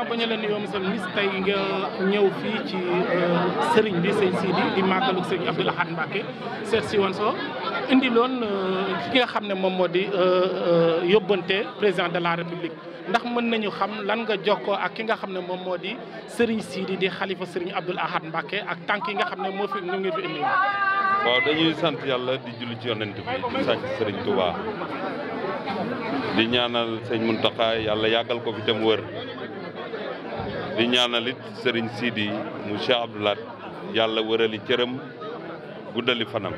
ginnaaw ba ñu la nuyoo monsieur le ministre tey nga ñëw fii ci euh, sëriñ bi sëñ Sidi di màggalu sëriñ Abdou Lahad Mbacké seet euh, nga xam ne moom moo di euh, yóbbante président la république ndax mën nañu xam lan nga jokkoo ak ki nga xam ne moom moo di sëriñ Sidi di xalifa sëriñ Abdou Lahad Mbacké ak tànk yi nga xam ne moo fi ñu ngi fi indi waaw dañuy sant yàlla di julli ci yonent bi di sant sëriñ Touba di ñaanal sëñ Mountakha yàlla yàggal ko fi tam wër di ñaanalit sëriñ Sidi mu Cheikh Abdou yàlla wërali cëram guddali fanam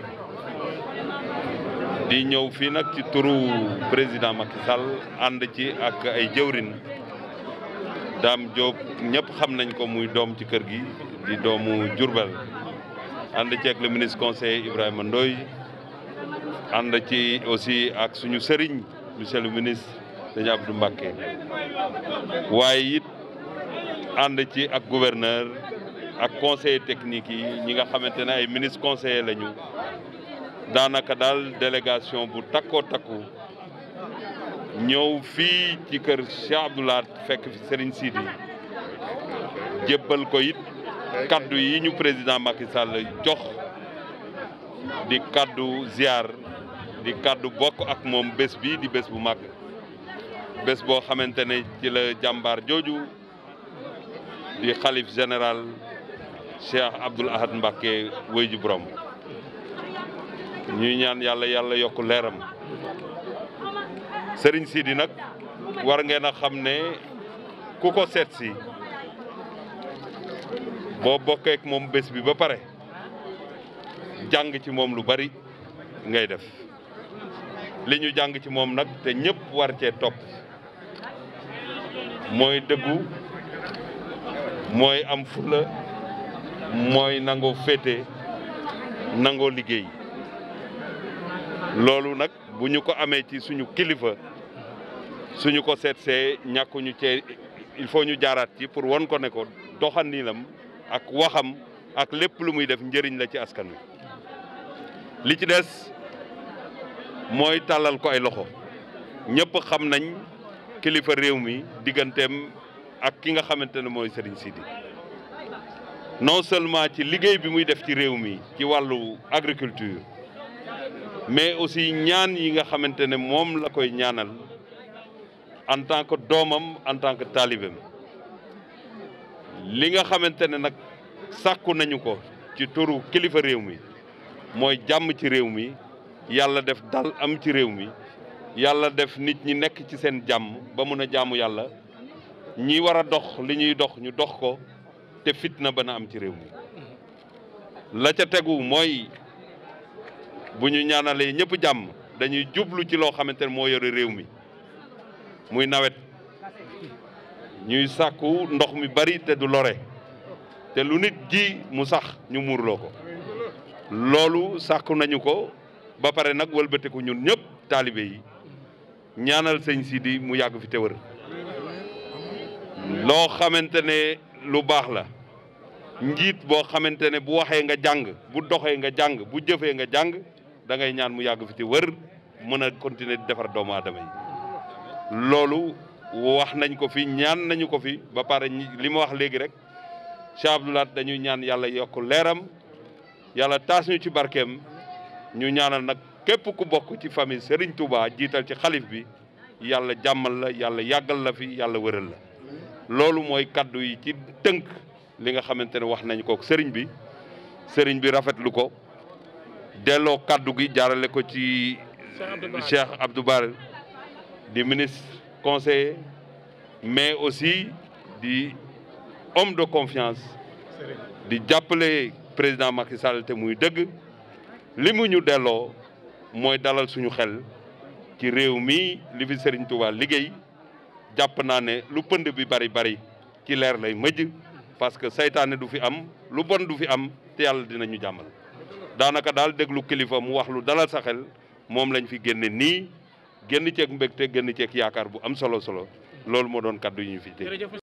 di ñëw fii nag ci turu président Macky Sall ànd ci ak ay jëwrin Dame Diop ñëpp xam nañ ko muy doom ci kër gi di doomu Jurbel ànd ci ak le ministre conseiller Ibrahima Ndoye ànd ci aussi ak suñu sëriñ monsieur le ministre sëñ Abdou Mbacké waaye it ànd ci ak gouverneur ak conseillers techniques yi ñi nga xamante ne ay ministre conseillers lañu daanaka daal délégation bu takkoo takku ñëw fii ci kër Cheikh Abdoulaye fekk fi Serigne Sidi jébbal ko it kaddu yi ñu président Macky Sall jox di kaddu ziar di kaddu bokk ak moom bés bi di bés bu mag bés boo xamante ne ci la jàmbaar jooju. di xalif général Cheikh Abdoul Ahad Mbacké wéy ju borom ñuy ñaan yàlla yàlla yokk leeram sëriñ Sidi nag war ngeen a xam ne ku ko seet si boo bokkee ak moom bés bi ba pare jàng ci moom lu bari ngay def li ñu jàng ci moom nag te ñëpp war cee topp mooy dëggu mooy am fulla mooy nangoo féete nangoo liggéey loolu nag bu ñu ko amee ci suñu kilifa suñu ko seetsee ñàkkuñu cee il faut ñu jaaraat ci pour won ko ne ko doxaninam ak waxam ak lépp lu muy def njëriñ la ci askan wi li ci des mooy tàllal ko ay loxo ñëpp xam nañ kilifa réew mi digganteem ak ki nga xamante ne mooy Serigne Sidi non seulement ci liggéey bi muy def ci réew mi ci wàllu agriculture mais aussi ñaan yi nga xamante ne moom la koy ñaanal en tant que doomam en tant que taalibeem li nga xamante ne nag sàkku nañu ko ci turu kilifa réew mi mooy jàmm ci réew mi yàlla def dal am ci réew mi yàlla def nit ñi nekk ci seen jàmm ba mun a jàmm yàlla ñi war a dox li ñuy dox ñu dox ko te fitna ba na am ci réew mi la ca tegu mooy bu ñu ñaanalee ñëpp jàmm dañuy jublu ci loo xamante ne moo yore réew mi muy nawet ñuy sàkku ndox mi bari te du lore te lu nit ji mu sax ñu muurloo ko loolu sàkku nañu ko ba pare nag wëlbatiku ñu ñëpp taalibe yi ñaanal sëñ Sidi mu yàgg fi te loo xamante ne lu baax la njiit boo xamante ne bu waxee nga jàng bu doxee nga jàng bu jëfee nga jàng dangay ñaan mu yàgg fi ci wër mën a continuer di defar doomu aadama yi loolu wax nañ ko fi ñaan nañu ko fi ba pare li ma wax léegi rek Cheikh dañuy ñaan yàlla yokk leeram yàlla taas ñu ci barkeem ñu ñaanal nag képp ku bokk ci famille Serigne Touba jiital ci xalif bi yàlla jàmmal la yàlla yàggal la fi yàlla wëral la loolu mooy kaddu yi ci tënk li nga xamante ne wax nañ ko sëriñ bi sëriñ bi rafetlu ko delloo kaddu gi jaarale ko ci Cheikh Abdou Bara di ministre conseiller mais aussi di homme de confiance di jàppale président Macky Sall te muy dëgg li mu ñu delloo mooy dalal suñu xel ci réew mi li fi Serigne Touba liggéey jàpp naa ne lu pënd bi bari bari ci leer lay mëj parce que saytaane du fi am lu bon du fi am te yàlla ñu jàmbal daanaka daal déglu kilifa mu wax lu dalal saxel moom lañ fi génne nii génn ceeg mbégte génn ceeg yaakaar bu am solo solo loolu moo doon kàddu yi ñu fi tey